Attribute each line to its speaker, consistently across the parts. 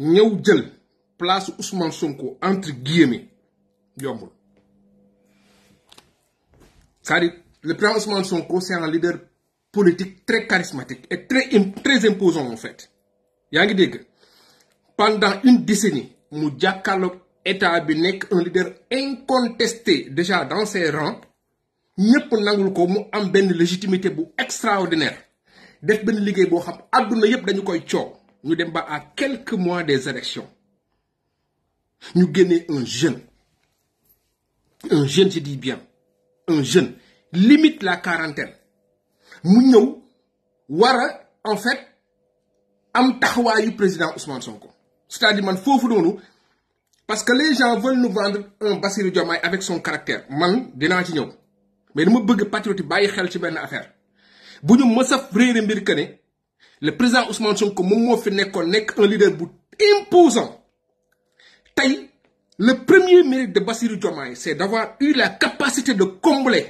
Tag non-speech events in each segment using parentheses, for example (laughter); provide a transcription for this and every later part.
Speaker 1: ñew jël place Ousmane Sonko entre guillemets yombul c'est-à-dire le président Ousmane Sonko c'est un leader politique très charismatique et très très imposant en fait ya ngi pendant une décennie mu jàkkaarloog état bi nek un leader incontesté déjà dans ses rangs ñëpp nangul ko mu am ben légitimité bu extraordinaire def ben liggéey bo xam aduna yépp dañ koy nous sommes bah, à quelques mois des élections Nous gagnons un jeune un jeune je dis bien un jeune limite la quarantaine mu Wara, en fait am le président Ousmane Sonko c'est-à-dire man nous. nous, parce que les gens veulent nous vendre un Bassirou Diomaye avec son caractère man dinaa ci nous mais dama bëgg patriote pas xel ci benn affaire bu nous mës nous mbir le président Ousmane Sonko moom moo fi nekkoon nek un leader bu imposant tay le premier mérite de Bassirou Diomaye c'est d'avoir eu la capacité de combler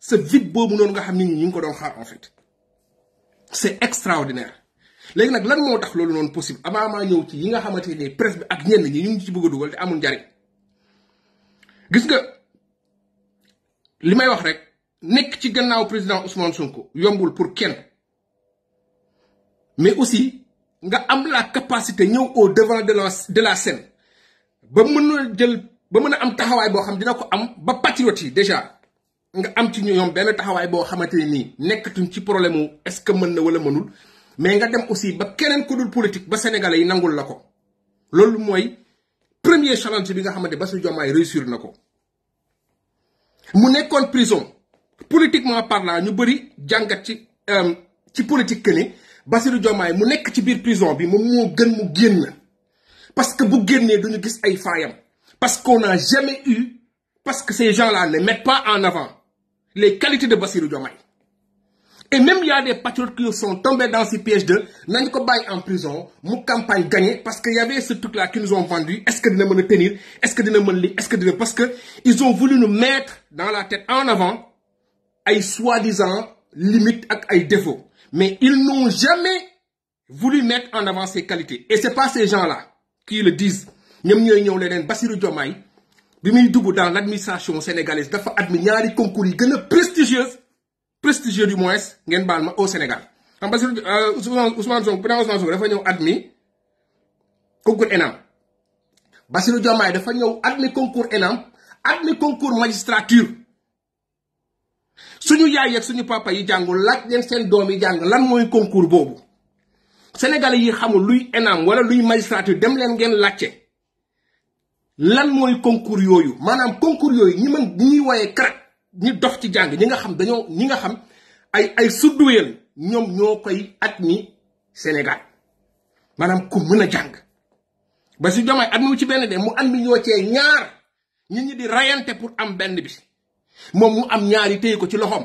Speaker 1: ce vide boobu non nga xamni ñu ko don xaar en fait c'est extraordinaire. léegi nak lan mo tax lolu non possible avant maa ñëw ci yi nga xamante ne presse bi ak ñen ñi ñu ci bëgg duggal dugal te amul jari gis nga limay wax rek nek ci gannaaw président Ousmane Sonko yombul pour kenn. mais aussi nga am la capacité ñëw au devant de la de la scène ba mën a jël ba mën a am taxawaay boo xam dina ko am ba patriote yi déjà nga am ci ñoom benn taxawaay boo xamante ne nii nekkatuñ ci problème wu est-ce que mën na wala mënul mais nga dem aussi ba keneen ku dul politique ba sénégalais yi nangul la ko loolu mooy premier challenge bi nga xamante Bassirou Diomaye réussir na ko mu nekkoon prison politiquement parlant ñu bëri jàngat ci euh, ci politique que ne Bassirou Diomaye mu nek ci biir prison bi moom mo gën mu génn parce que bu est duñu gis ay fayam parce qu'on n'a jamais eu parce que ces gens-là ne mettent pas en avant les qualités de Bassirou Diomaye et même il y a des patriotes qui sont tombés dans ces pièges de nañ ko en prison mu campagne gagnée parce qu'il y avait ce truc-là qu'ils nous ont vendu est-ce que dina mën tenir est-ce que dina mën li est-ce que dina parce que ils ont voulu nous mettre dans la tête en avant ay soi-disant limites ak ay défauts mais ils n'ont jamais voulu mettre en avant ses qualités et c'est pas ces gens-là qui le disent Nous avons dit que Bassirou Diomaye bi dans l'administration sénégalaise dafa admis ñaari concours yi prestigieuse prestigieux du moins au Sénégal xam Bassirou euh, Ousmane Sonko président Ousmane Sonko dafa ñëw admis concours ENAM Bassirou Diomaye dafa ñëw admis concours ENAM admis concours magistrature yaay yeeg suñu papa yi jàngul laaj leen seen doom yi jàng lan mooy concours boobu sénégalais yi xamul luy ENAM wala luy magistrature dem leen ngeen laajte lan mooy concours yooyu maanaam concours yooyu ñi mën ñi ñuy woyee karat ñi dox ci jàng ñi nga xam dañoo ñi nga xam ay ay sudduweel ñoom ñoo koy at mi Sénégal maanaam ku mën a jàng ba si jomaay at mu ci benn de mu am ñoo cee ñaar ñi ñi di rayante pour am benn bi moom mu am ñaari téye ko ci loxoom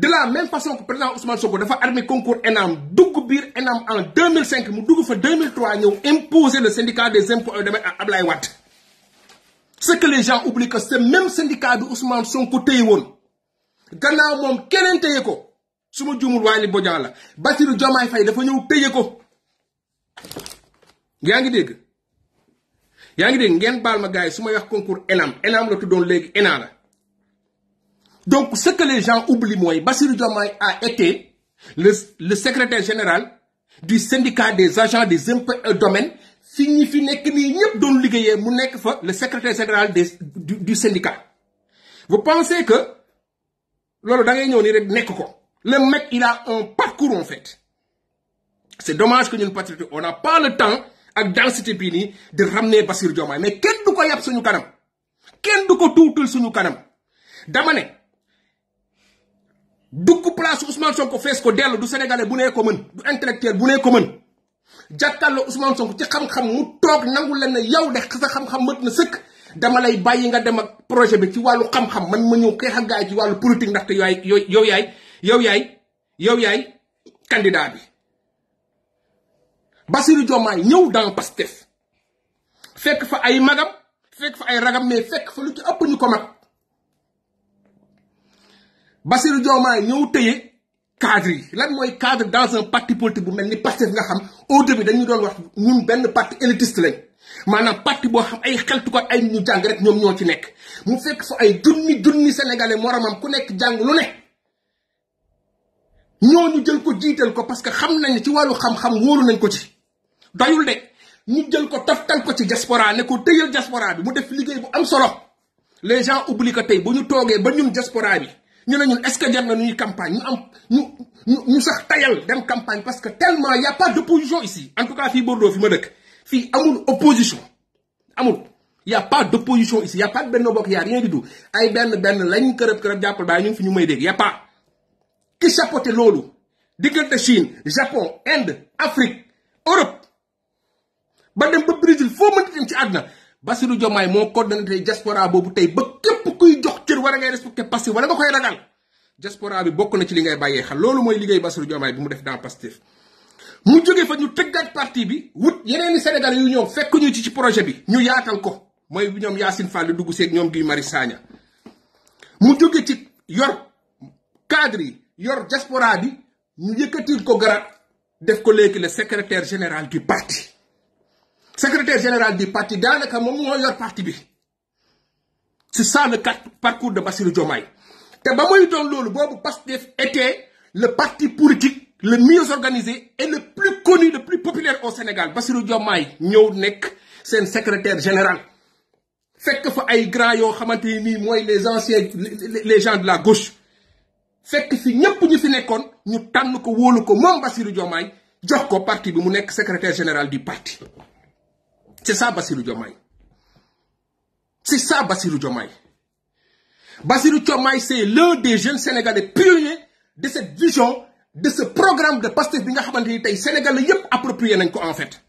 Speaker 1: de la même façon que président Ousmane Sonko dafa armé concours ENAM dugg biir ENAM en 2005 mu dugg fa 2003 ñëw imposer le syndicat des impôts de à Ablaye ce que les gens oublient que c'est même syndicat de Ousmane Sonko téye woon gannaaw moom keneen téye ko su ma juumul waaye li bojaan la Bassirou Diomaye Faye dafa ñëw téye ko yaa ngi dégg yaa ngi dégg ngeen un ma gars yi wax concours ENAM ENAM la tuddoon léegi ENA la donc, ce que les gens oublient, moi, Basir a été le, secrétaire général du syndicat des agents des domaines. Signifie que nous le secrétaire général du, syndicat. Vous pensez que le mec, il a un parcours en fait. C'est dommage que nous on n'a pas le temps dans densité de de ramener Basir mais qui est kanam duko kanam dugg place Ousmane Sonko fees ko dellu du sénégalais bu nee ko mën du intellectuel bu nee ko mën jàkkaarloo Ousmane Sonko ci xam-xam mu toog nangu leen ne yow de sa xam-xam mët na sëkk dama lay bàyyi nga dem ak projet bi ci wàllu xam-xam ma ñëw xeex ak gaay ci wàllu politique ndaxte yaay yow yaay yow yaay yow yaay candidat bi. jomaa yi ñëw dans Pastef fekk fa ay magam fekk fa ay ragam mais fekk fa lu ci ëpp ñu ko mag. Bassirou Diomaye ñëw teyé cadre lan moy cadre dans un parti politique bu melni ni nga xam au début dañu doon wax ñun benn parti élitiste lañ manam parti bo xam ay ko ay ñu jang rek ñom ñoo ci nek mu fekk fa ay junni junni sénégalais moromam ku nek jang lu ñoo ñu jël ko jiital ko parce que xam nañ ci walu xam-xam woru nañ ko ci doyul de ñu jël ko taftal ko ci diaspora ne ko teyel diaspora bi mu def liggéey bu am solo les gens oublient que tey bu ñu toogee ba ñun diaspora bi nous est-ce que nous na campagne nous am ñu ñu campagne parce que tellement il n'y a pas d'opposition ici en tout cas il Bordeaux fi ma amul opposition il n'y a pas d'opposition ici il n'y a pas de benn bokk n'y a rien du tout ay n'y ici, il n'y a pas qui chapeauté loolu diggante Chine Japon Inde Afrique Europe ba dem ba Brésil foo mënti dem ci àdduna Bassirou Diomaye coordonné diaspora ba ba da ngay respecté Pastef wala nga koy ragal diaspora bi bokk na ci li ngay bàyyee xel loolu mooy liggéey Bassirou Diomaye bi mu def dans Pastef mu jóge fa ñu tëggaat parti bi wut yeneeni Sénégal yu ñëw fekk ñu ci ci projet bi ñu yaatal ko mooy ñoom Yacine Fall dugg seeg ñoom Guy Marius Sagna mu jóge ci yor cadre yi yor diaspora bi ñu ko garab def ko léegi le secrétaire général du parti secrétaire général du parti daanaka moom moo yor parti bi C'est ça le parcours de Bassirou Diomaye. Et dis le Bobo Pastef était le parti politique le mieux organisé et le plus connu, le plus populaire au Sénégal. Bassirou Diomaye, c'est un secrétaire général. Fait que fa ay les yo les anciens les gens de la gauche. Fait que si nous ñu fi nekkon ñu ont ko ko Bassirou Diomaye jox parti bi secrétaire général du parti. C'est ça Bassirou Diomaye. C'est ça Bassirou Diomaye. Bassirou Diomaye, c'est l'un des jeunes Sénégalais pionniers de cette vision, de ce programme de pasteur bi nga Sénégalais yépp approprié en fait.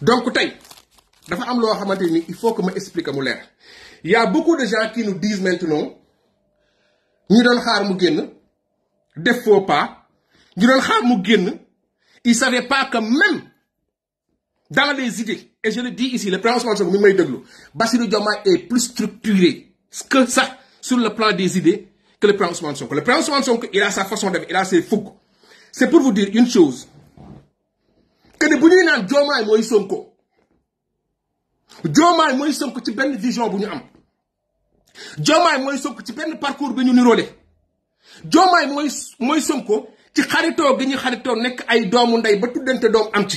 Speaker 1: donc tey il faut que m'explique explique Il Il y a beaucoup de gens qui nous disent maintenant ñu doon xaar mu def faux pas ñu le xaar mu génn ils savaient pas que même dans les idées, et je le dis ici, le président Ousmane Sonko, Deglou, Bassirou Diomaye est plus structuré que ça sur le plan des idées que le président Ousmane Sonko. Le président Ousmane Sonko, il a sa façon d'être, il a ses fougues. C'est pour vous dire une chose. Que de Bouni Nan Diomaye Moïse Sonko, Diomaye Moïse Sonko, tu une vision Bouni Am. Diomaye Moïse Sonko, tu un parcours Bouni Nurolé. Diomaye Moïse Sonko, tu xaritoo Bouni ñu nek nekk ay doomu ndey ba tuddante doom am ci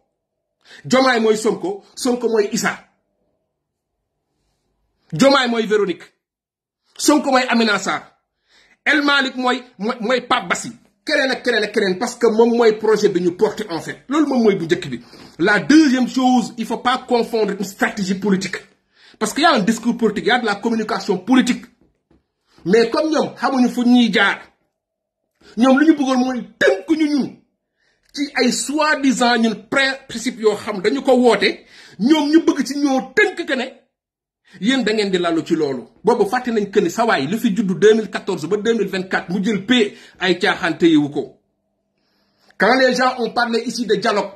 Speaker 1: Diomaye moy Sonko Sonko moy Issa Diomaye moy Véronique Sonko moy Amina El Malik moy moy Pape Bassi keneen ak keneen parce que mom moy projet de ñu porter en fait loolu mom moy bu jëk bi la deuxième chose il faut pas confondre une stratégie politique parce qu'il y a un discours politique il y a de la communication politique mais comme ñoom xamuñu fu ñi jaar Ñom lu ñu bëggol moy tënk ñu ñu ci ay soi-disant ñun principe yoo xam dañu ko woote ñoom ñu bëgg ci ñoo tënk que ne yéen da ngeen di lalu ci loolu. boobu fàtte nañ que ni sawaay li fi juddu 2014 ba 2024 mu jël paie ay caaxaan téyewu ko quand les gens ont parlé ici de dialogue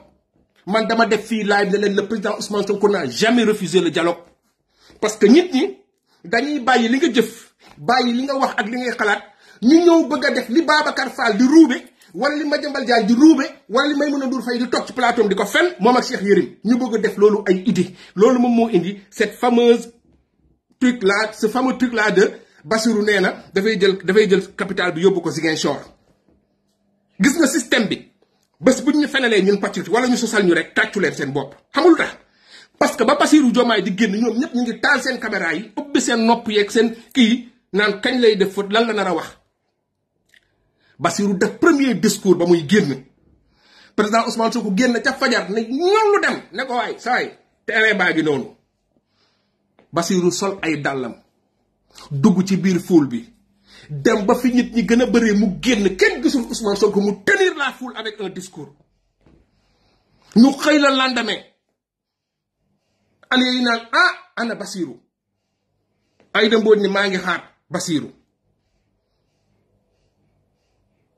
Speaker 1: man dama def fii live ne leen le président Ousmane Sonko n'a jamais refusé le dialogue parce que nit ñi dañuy bàyyi li nga jëf bàyyi li nga wax ak li ngay xalaat ñu ñëw bëgg a def li Babacar Fall di ruube. wala li Madiambal Diagne di ruube wala li Maïmouna Ndour Faye di toog ci plateau di ko fen moo ak Cheikh Yérim ñu bëgg a def loolu ay idée loolu moom moo indi cette fameuse truc laa ce fameux truc là de Bassirou nee na dafay jël dafay jël capital bi yóbbu ko Ziguinchor gis nga système bi bés bu ñu fenalee ñun patriote wala ñu sosal ñu rek tàccu leen seen bopp xamul tax parce que ba Bassirou Diomaye di génn ñoom ñëpp ñu ngi taal seen caméra yi ubbi seen nopp yeeg seen kii naan kañ lay def faute lan la nar a wax Bassirou def premier discours ba muy génn président Ousmane Sonko génn ca fajar ne ñoŋlu dem ne ko waay saay terrain baa ngi sol ay dàllam dugg ci biir fuul bi dem ba fi nit ñi gën a bëree mu génn kenn gisul Ousmane Sonko mu tenir la foule avec un discours ñu xëy la lendemain ale yi naan ah ana Bassirou ay dëmboon ni maa ngi xaar basiiru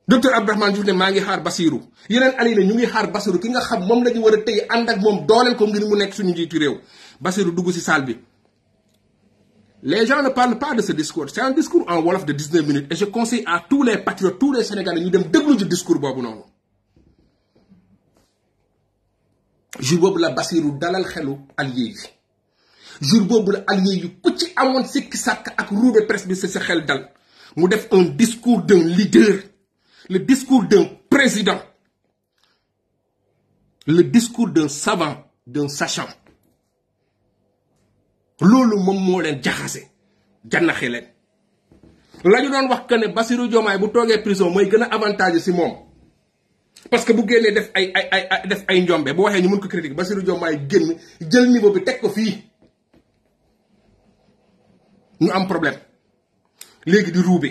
Speaker 1: docteur Abdourahmane Diouf ne maa ngi xaar Basirou yeneen ali la ñu ngi xaar Basirou ki nga xam moom la ñu war a tëye ànd ak moom dooleel ko ngir mu nekk suñu njiitu réew Basirou dugg ci salle bi. les gens ne parlent pas de ce discours c'est un discours en wolof de 19 minutes et je conseille à tous les patriotes tous les sénégalais ñu dem déglu ci discours boobu noonu. jour boobu la Basirou dalal xelu allié yi jour boobu la allié yi ku ci amoon sikki sàkk ak ruube presse bi sa sa xel dal mu def un discours d'un leader le discours d'un président, le discours d'un savant, d'un sachant. loolu moom moo leen jaxase jànnaxe leen lañu don wax que ne Bassirou Diomaye bu togué prison moy gëna a avantage ci mom parce que bu génnee def ay ay ay def ay ndombé bu waxé ñu mën ko critique Bassirou Diomaye génn jël niveau bi tek ko fi ñu am problème légui di ruube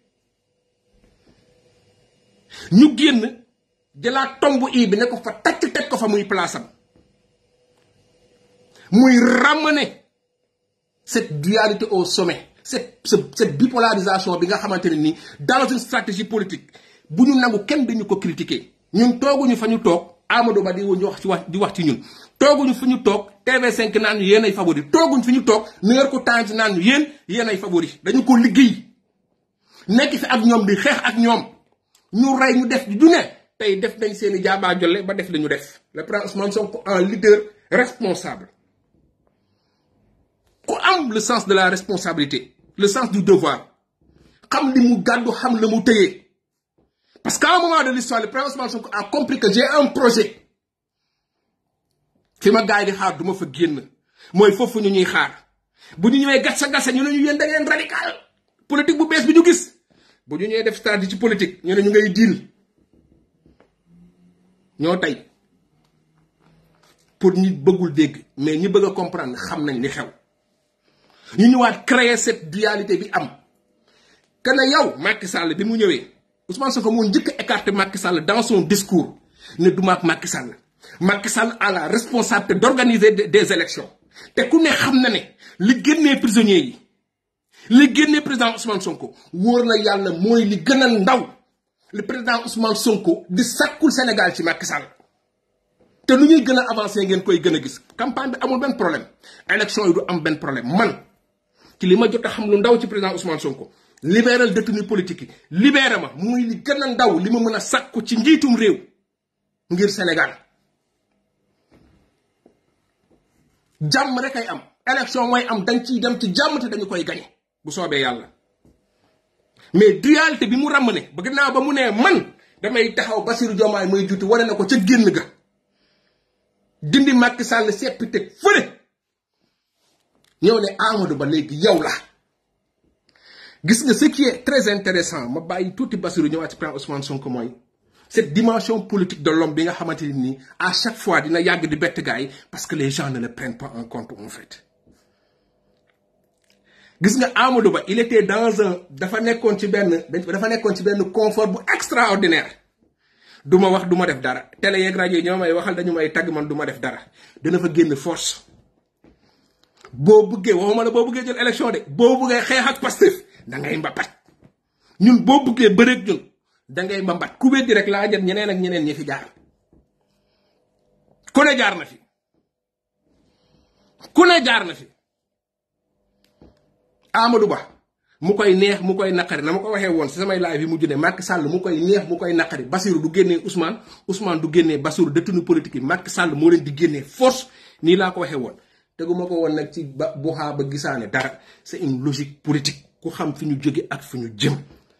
Speaker 1: Nous avons de la tombe bi ne ko fa tacc ko fa place ramener cette dualité au sommet cette cette bipolarisation dans une stratégie politique Si nous kenn dañu nous critiquer ñun pas Nous, Amadou Badi wo ñox ci wax di wax ci ñun TV5 ay favori New York Times naan nous ay favori dañu ko nous rêvons ñu def du tay def nañ seen le un leader responsable ko am le sens de la responsabilité le sens du devoir xam li mu sens xam la parce qu'à un moment de l'histoire le président Ousmane a compris que j'ai un projet fi ma gaay di xaar fa génn ñu ñuy xaar bu ñu radical politique bu ñu ñëwee def ci politique ñu ne ñu ngay diil ñoo tay pour ñi bëggul dégg mais ñi bëgg comprendre xam nañ li xew ñu ñëwaat créer cette dualité bi am que ne yow Macky Sall bi mu ñëwé Ousmane Sonko mo njëkk écarter Macky Sall dans son discours ne du maag Macky Sall Macky Sall a la responsabilité d'organiser des élections té ku ne xam na ne li gënné prisonniers yi. li génne président Ousmane Sonko wóor na yàlla mooy li gën a ndaw li président Ousmane Sonko di sàkkul Sénégal ci Macky Sall te lu ñuy gën a avancé ngeen koy gën a gis campagne bi amul benn problème élection yi du am benn problème man ci li ma jot a xam lu ndaw ci président Ousmane Sonko libéral détenu politique yi libéré ma muy li gën a ndaw li ma mën a sàkku ci njiitum réew ngir Sénégal jàmm rek ay am élection mooy am dañ ciy dem ci jàmm te dañu koy gañe bu soobee yàlla mais dualité bi mu ràmmane ba gannaaw ba mu ne man damay taxaw Bassirou Diomaye may juuti wane na ko ca génn ga dindi Macky Sall seppi teg fële ñëw ne Amadou Ba léegi yow la gis nga ce qui est très intéressant ma bàyyi tuuti Bassirou ñëwaat ci plan Ousmane Sonko mooy cette dimension politique de l'homme bi nga xamante ni à chaque fois dina yàgg di bett gaay parce que les gens ne le prennent pas en compte en fait gis nga amadou ba il était dans un dafa nekkon ci ben dafa nekkon ci ben confort bu extraordinaire duma wax duma def dara télé yeeg radio ñomay waxal dañu may tag man duma def dara dana fa genn force bo bëggee waxuma la bo bëggee jël élection de bo bëggee xeex ak pastef da ngay mbapat ñun bo bëggee bërek ñun da ngay mbapat ku weddi rek la jëm ñeneen ak ñeneen ñi fi jaar ku ne jaar na fi ku ne jaar na fi Amadou Ba mu koy neex mu koy naqari na ma ko waxee woon si samay live yi mu junne Macky Sall mu koy neex mu koy naqari Bassirou du génnee Ousmane Ousmane du génnee Bassirou détenu politique yi Macky Sall moo leen di génnee force nii laa ko waxee woon teguma ko woon nag ci ba buxaa ba gisaane dara c'est une logique politique ku xam fi ñu jóge ak fi ñu jëm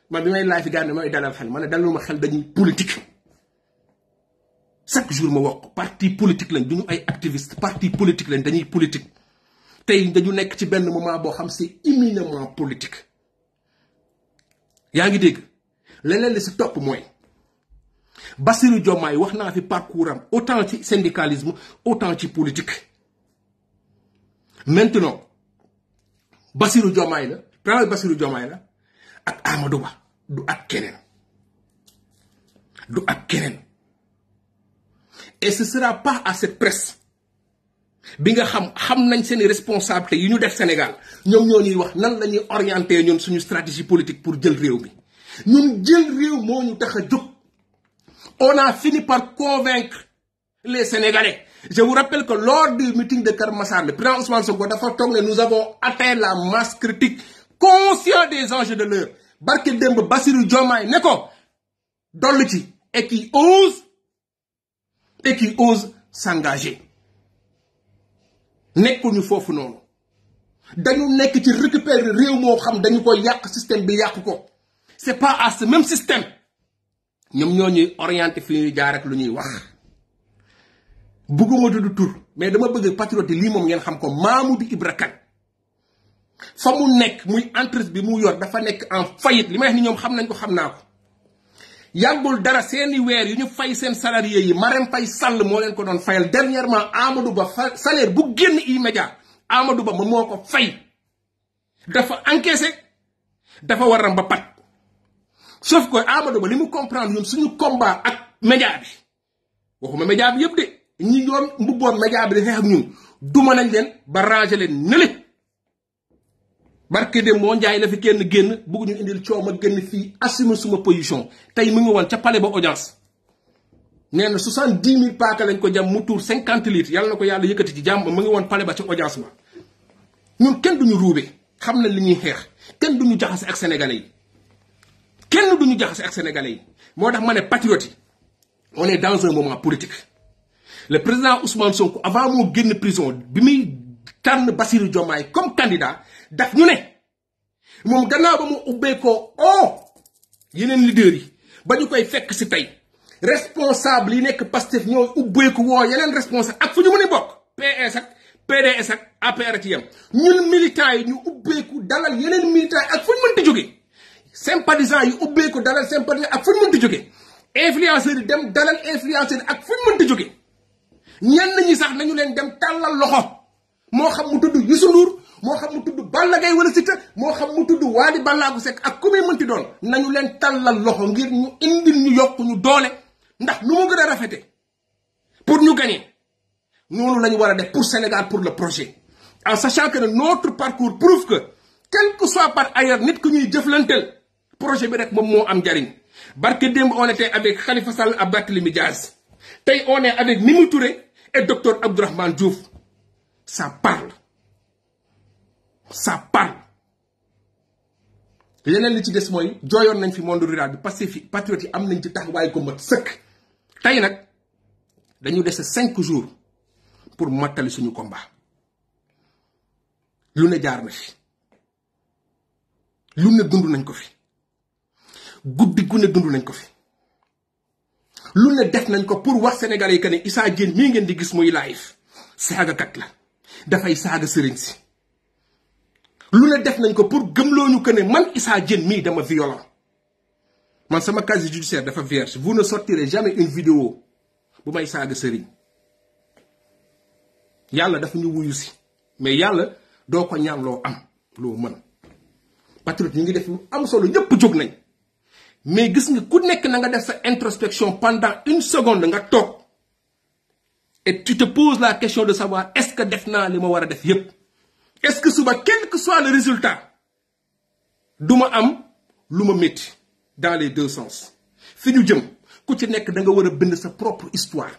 Speaker 1: man bi may live yi gànne may dalal xel ma ne dalal ma xel dañuy politique chaque jour ma wax parti politique lañ du ñu activiste parti politique lañ dañuy politique tey dañu nekk ci benn moment bo xam c'est éminemment politique yaangi ngi dégg li ci top moy Bassirou Diomaye waxna fi parcours autant ci syndicalisme autant ci politique maintenant Bassirou Diomaye la prend Bassirou Diomaye la ak Amadou Ba du ak Kenen, du ak kenen et ce sera pas à cette presse bi nga xam xam nañ seen responsabilité yi ñu def Sénégal ñoom ñoo ñuy wax nan la ñuy orienté ñun suñu stratégie politique pour jël réew mi ñun jël réew moo ñu tax a jóg on a fini par convaincre les Sénégalais je vous rappelle que lors du meeting de Keur le président Ousmane Sonko dafa toog ne nous avons atteint la masse critique conscient des enjeux de l'heure barke démb Bassirou diomaay ne ko doll ci et qui ose et qui ose s'engager nekkuñu fofu noonu dañu nekk ci récupérer réew moo xam dañu ko yàq système bi yàq ko c'est pas à ce même système ñom ñoo ñuy orienté fi ñuy jaar ak lu ñuy wax bëgguma dudd tur mais dama bëgg patriote li moom ngeen xam ko Mamoudou Ibra Kane fa mu nekk muy entreprise bi mu yor dafa nekk en faillite li may wax ni ñoom xam nañ ko xam naa ko yàggul dara seeni weer yu ñu fay seen salarié yi Marème Faye Sall moo leen ko doon fayal dernièrement Amadou Ba salaire bu génn immédiat Amadou Ba moom moo ko fay dafa encaissé dafa waram ba pat sauf ko amado Ba li mu comprendre ñun suñu combat ak média bi waxuma média bi yëpp de ñi yoon mbubboon média bi di xeex ak ñun duma nañ leen ba ranger leen nële barke de moo njaay la fi kenn genn bugg ñu indil cioma genn fi fii assumer suma position tay mu ngi won ca palais ba audience nee 70000 soixante lañ ko jam mu tuur cinquante litres yalla nako yalla yëkëti ci jàmm mu ngi won palais ba ci audience ma ñun kenn duñu roubé xam na li ñuy xeex kenn duñu jaxass ak sénégalais yi kenn duñu jaxass ak sénégalais yi moo tax ma patriote on est dans un moment politique le président Ousmane Sonko avant mo genn prison bi muy tan Bassirou Diomaye comme candidat daf ñu ne moom gannaaw ba mu ubbeekoo o yeneen leader yi ba ñu koy fekk si tey responsable yi nekk Pastef ñooy ubbeeku woo yeneen responsable ak fu ñu mën a bokk PS ak PDS ak APR ci yem ñun militants yi ñu ubbeeku dalal yeneen militants yi ak fu ñu mën di jógee sympathisants yi ak fu ñu mën di yi dem dalal influenceurs ak fu ñu mën di jógee sax nañu leen dem tàllal loxo moo xam mu tudd Youssou Ndour mo xam mu tuddu Balla Gaye wala Siteu mo xam mu tudd Wally Ballago sek ak ku muy ti doon nañu len talal loxo ngir ñu indi ñu yok ñu doole ndax nu mo gën a pour ñu gagner nonu lañu wara def pour Sénégal pour le projet en sachant que notre parcours prouve que quel que soit par ailleurs nit ku ñuy jëflanteel projet bi rek mom mo am njariñ barke démb on était avec Khalifa Sall ak midjaz tay on est avec nimou Touré et docteur Abdourahmane Diouf ça parle ça leneen li ci des mooy jooyoon nañ fi monde rural bi pacifique patriote yi am nañ ci taxawaay ko mat sëkk tey nag dañu dese cinq jours pour mattali suñu combat lu ne jaar na fi lu ne dund nañ ko fi guddi gu ne dund nañ ko fi lu ne def nañ ko pour wax sénégalais yi que ne Issa Diène mii ngeen di gis muy live saagakat la dafay saaga sëriñ si lu def nañ pour ñu que ne man Issa Diène mi dama violent man sama de judiciaire dafa vierge vous ne sortirez jamais une vidéo bu may saaga serigne yalla dafa ñu wuyu aussi. mais yalla do ko ñaan am lo man patriote ngi def solo mais gis nga ku nekk nga def sa introspection pendant une seconde nga et tu te poses la question de savoir est-ce que def na li ma est-ce que suba quel que soit le résultat du am luma metti dans les deux sens fi ñu jëm ku ci nek da nga wara bind sa propre histoire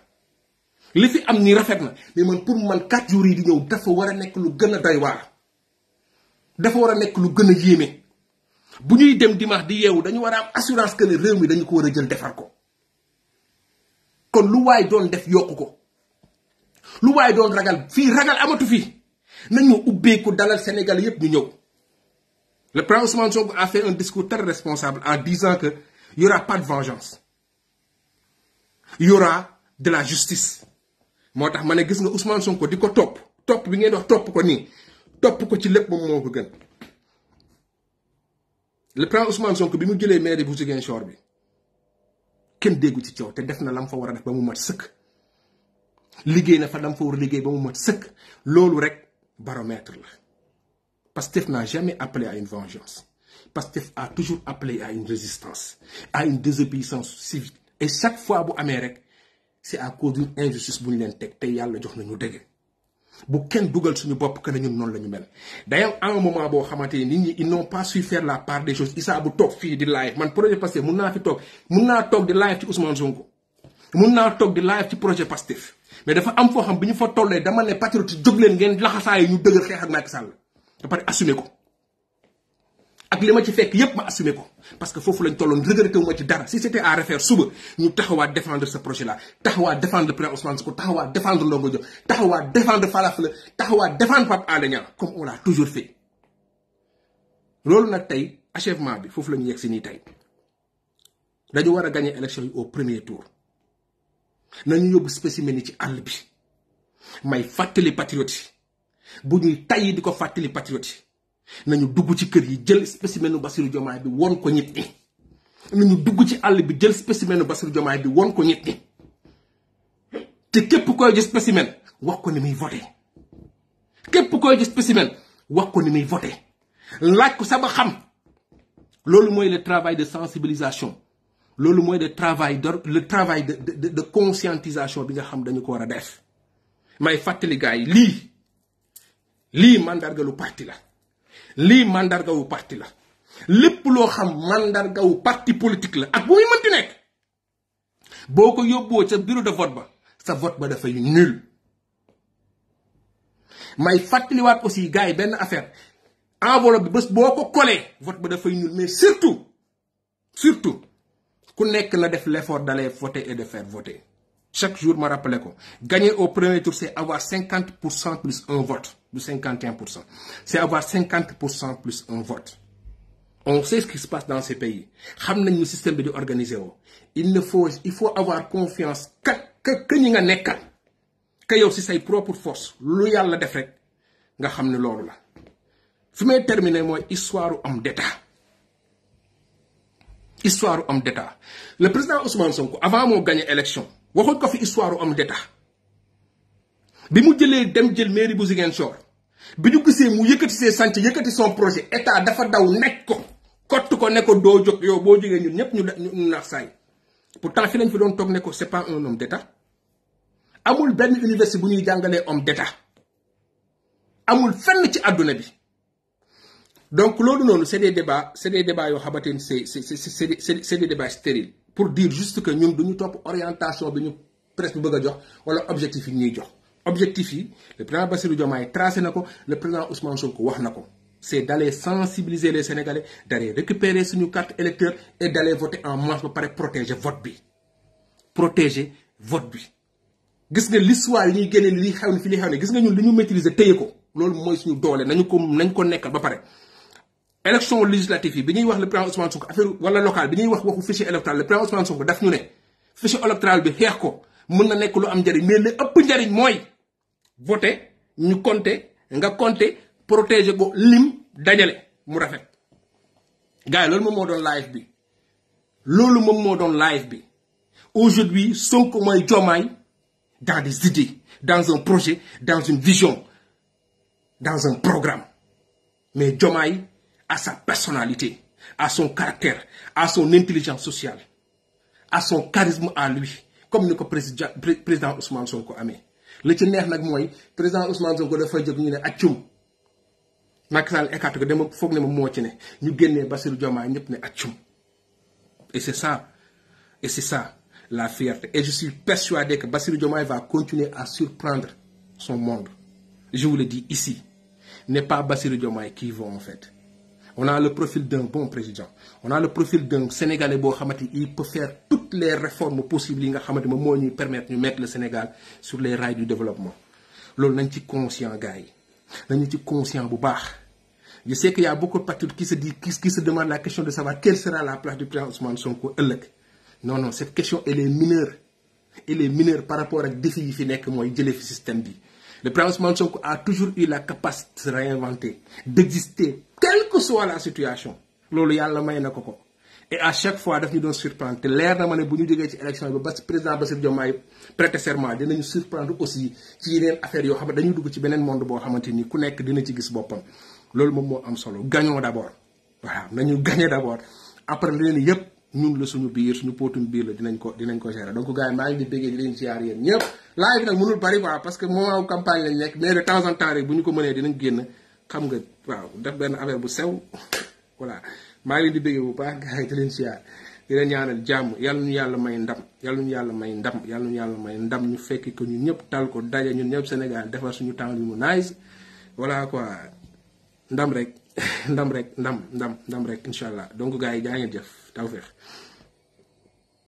Speaker 1: li fi am ni rafet na mais man pour man quatre jours yi di ñëw dafa wara nek lu gëna doy war. dafa wara nek lu gëna yéme. bu ñuy dem dimanche di yeewu dañu wara am assurance que le réew mi dañ ko wara jël defar ko kon lu way doon def yokko ko lu way doon ragal fi ragal amatu fi nañu ubbeeku dalal Sénégal yépp ñu ñëw le président Ousmane Sonko a fait un discours très responsable en disant que y aura pas de vengeance Il y aura de la justice moo tax que gis nga Ousmane Sonko di ko top. top bi ngeen wax top. ko nii top. ko ci pour moom moo ko le président Ousmane Sonko bi mu jëlee mairie bu Ziguinchor bi kenn déggu ci ciow te def na lam fa wara a def ba mu mat sëkk liggéey na fa lam fa wara a liggéey ba mu mat sëkk loolu rek baromètre là. Pastef n'a jamais appelé à une vengeance Pastef a toujours appelé à une résistance à une désobéissance civique et chaque fois bu Amérique, c'est à cause d'une injustice bu nous leen teg nous yàlla jox nañu quelqu'un bu kenn dugal suñu que nous d'ailleurs à un moment boo ils n'ont pas su faire la part des choses Ils bu toog fii di live man projet passé, mun naa fi toog mun naa toog di live ci Ousmane Sonko mun naa toog de live ci projet Pastef mais dafa am foo xam bi ñu fa tollee dama ne patriote jóg leen ngeen laxasaay ñu dëgër xeex ak Macky Sall ba pare assumé ko ak li ma ci fekk yépp ma assumé ko parce que foofu lañ tolloon regretté wu ma ci dara si c'était à refaire suba ñu taxawaat défendre ce projet là taxawaat défendre président Ousmane Sonko taxawaat défendre Ndongo Diop taxawaat défendre Falafel taxawaat défendre Pape Alé Niang comme on a toujours fait loolu nag tey achèvement bi foofu la ñu yegg si nii tey dañu war a gagner élection yi au premier tour nañu yóbbu spécimen patriotes. ci patriotes bi may patriote les patriotes. patriote nañu dugg ci kër yi jël spécimenu les patriotes. bi won ko patriotes. dugg ci bi jël spécimenu bi won ko les képp le travail de sensibilisation le travail de travail de le travail de de de conscientisation bi nga xam dañ ko wara def may fatali gars li li parti la li mandargawu parti la lepp lo xam parti politique la ak bu muy bureau de vote ba sa vote ba nul may wat aussi gars ben affaire enveloppe vote ba nul mais surtout surtout ku que na def l'effort d'aller voter et de faire voter chaque jour me rappelle quoi. gagner au premier tour c'est avoir 50 plus un vote De 51 c'est avoir 50 plus un vote on sait ce qui se passe dans ces pays xam le système bi di il ne faut il faut avoir confiance que que que ñi nga aussi que yow si say propre force lu yàlla def rek nga xam ne loolu la fi terminer mon histoire d'état histoire om d'état le président Ousmane Sonko avant moo gagné élection waxuñ ko fi histoire homme d'état bi mu jëlee dem jël mairie bu Ziguinchor bi ñu gisee mu yëkkati see sànc yëkkati son projet état dafa daw nekk ko kott ko ne ko doo jóg yow boo jógee ñun ñëpp ñu naax saay pourtant fi lañ fi doon toog ne ko c'est pas un homme d'état amul benn université bu ñuy jàngalee om d'état amul fenn ci àdduna bi. donc loolu non, c'est des débats c'est des débats yoo xamante c'est, c'est c'est c'est des débats stériles pour dire juste que nous nous top orientation bi ñu presque bëgg a jox wala objectif yi ñuy jox. objectif yi le président Bassirou Diomaye tracé n'ako le président Ousmane Sonko wax n'ako c'est d'aller sensibiliser les sénégalais d'aller récupérer suñu carte électeur et d'aller voter en masse pour pare protéger vote bi protéger vote bi. gis nga l'histoire yi ñuy génne li xew ne fi li xew ne gis nga ñun li ñu maîtriser téye ko loolu mooy suñu doole nañu ko nañ ko nekkal ba pare élection législative bi ñuy wax le président Ousmane Sonko affaire wala locale bi ñuy wax waxu fichier électoral le président Ousmane Sonko daf ñu ne fichier électoral bi xeex ko mën na nekk lu am njariñ mais li ëpp njariñ mooy voter ñu compter nga compter protéger ko lim dajale mu rafet. gars yi loolu moom moo doon live bi loolu moom moo doon live bi aujourd'hui Sonko mooy Diomaye dans des idées dans un projet dans une vision dans un programme mais Diomaye à sa personnalité, à son caractère, à son intelligence sociale, à son charisme à lui, comme le président Ousmane Sonko amé Le ci neex nag président Ousmane Sonko dafa jóg ñu ne accum Macky Sall écarté ko dama foog ne nous moo ci ne nous génnee Bassirou Diomaye ñëpp ne et c'est ça et c'est ça la fierté et je suis persuadé que Bassirou Diomaye va continuer à surprendre son monde je vous le dis ici n'est pas Bassirou Diomaye qui va en fait on a le profil d'un bon président. On a le profil d'un Sénégalais qui il peut faire toutes les réformes possibles qui nous permettent de mettre le Sénégal sur les rails du développement. Nous sommes conscients, gars. Nous sommes conscients, Je sais qu'il y a beaucoup de patriotes qui se, disent, qui, se demandent la question de savoir quelle sera la place du président Ousmane Sonko. Non, non, cette question, elle est mineure. Elle est mineure par rapport à défi qui est moi, le système. Le président Ousmane Sonko a toujours eu la capacité de se réinventer, d'exister quelle que soit la situation loolu yalla may na ko et à chaque fois daf ñu doon surprendre te leer na ma ne bu ñu jógee ci élection bi ba président Bassir Diomaye prêter serment dinañu surprendre aussi ci yeneen affaire yo xam ne dañuy dugg ci beneen monde bo xamante ku nekk dina ci gis bopam. Lolu mom mo am solo gagnons d'abord. Voilà, nañu gagner d'abord. après leneen yépp ñun la suñu biir suñu potum biir la dinañ ko dinañ ko gérer donc gaay yi maa ngi di béggee di leen ziar yéen ñëpp live nag mënul bari quoi parce que moment campagne lañ nekk mais de temps en temps rek bu ñu ko mënee dinañ génn xam nga waaw def benn affaire bu sew voilà maa ngi leen di bëgg bu baax gars yi di leen siyaar di leen ñaanal jàmm yàlla ñu yàlla may ndam yàlla ñu yàlla may ndam yàlla ñu yàlla may ndam ñu fekk ko ñun ñëpp tal ko daje ñu ñëpp Sénégal defar suñu temps bi mu nice voilà quoi ndam rek (laughs) ndam rek ndam ndam ndam rek incha allah donc gaa yi jaa ngeen jëf tawfeex